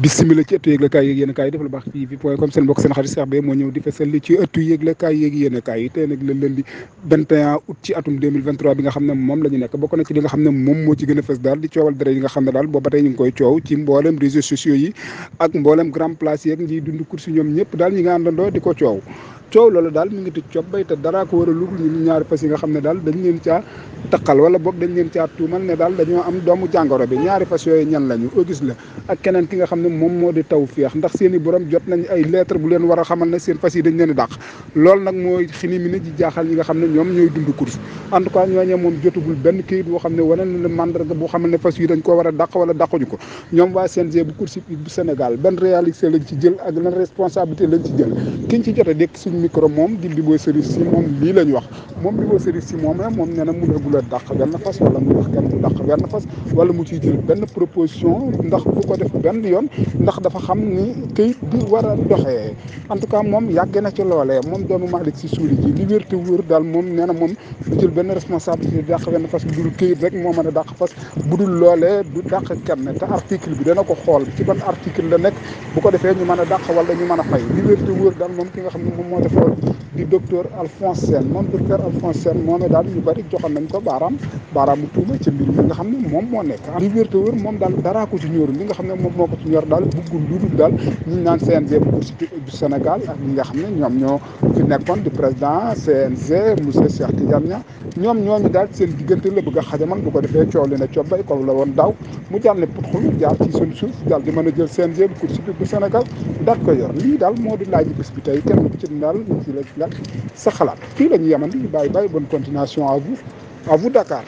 bisimila ci ëttu yëglekaay yeeg yéen kaay yi def lu baax ci point comme seen mbokk seen xarit Cheikh Beye moo ñëw di fesal li ci ëttu yëglekaay yeeg yéen kaay yi tey nag la lundi 21 août ci atum bi nga xam ne moom la nekk bokk ci li nga xam ne moom moo ci gën a daal di coowal dara yi nga xam ne daal booba tey ñu koy coow ci mboolem réseaux sociaux yi ak mboolem grand place yeeg ñiy dund course ñoom ñëpp daal ñi nga àndandoo coow loolu daal mi ngi tëj cob bay te daraa ko war a lugul ñu ñaari fas yi nga xam ne daal dañ leen caa taqal wala boog dañ leen caa tuumal ne daal dañoo am doomu jàngoro bi ñaari fas yooyu ñan lañu Auguste la ak keneen ki nga xam ne moom moo di Tawfekh ndax seen i borom jot nañ ay lettre bu leen war a xamal ne seen fas yi dañ leen dàq loolu nag mooy xini ne ji jaaxal ñi nga xam ne ñoom ñooy dund course en tout cas ñooñee moom jotugul benn kayit boo xam ne wane na le mandarga boo xam ne fas yi dañ ko war a dàq wala lañ ci jël ak lan responsabilité lañ ci jël kiñ ci micro moom di Libo Serigne si mom li lañ wax mom Libo Serigne si mom mom neena mu na mun ben fas wala mu wax ken du dàq ben fas wala mu ci jël ben proposition ndax bu ko def ben yoon ndax dafa xam ni këyit bi wara doxé en tout cas moom yàgg na ci lolé mom doomu malik ci suuli ji li wér wër dal mom neena mom na jël ben responsabilité dàq ben fas bu dul këyit rek mo meuna a fas bu dul loolee du dàq ken ta article bi dana ko xol ci ban article la nek bu ko defé ñu meuna a wala ñu meuna fay li wér wër dal mom ki nga xam ni mom mo effort du docteur Alphonse Sène moom docteur Alphonse Sène moomee daal ñu bari joxoon nañ ko baaraam baaraamu tuuma ci mbir mi nga xam ne moom moo nekk li wér te wér moom daal daraa ko ci ñóoru li nga xam ne moom moo ko ci ñor daal buggul lu dul daal ñi naan CNG bu Cour du Sénégal ak ñi nga xam ne ñoom ñoo fi nekkoon di président CNG monsieur Cheikh Tidiane Niang ñoom ñooñu daal seen diggante la bëgg a xajamal bu ko defee coow li ne cobbay ko la woon daaw mu jàll ne pour xul jaar ci suñ suuf daal di mën a jël CNG bu Cour du Sénégal daal ko yor lii daal Sénégal ci la ci la sa xalaat fii la ñu yemandi bàyyi bonne continuation à vous à vous Dakar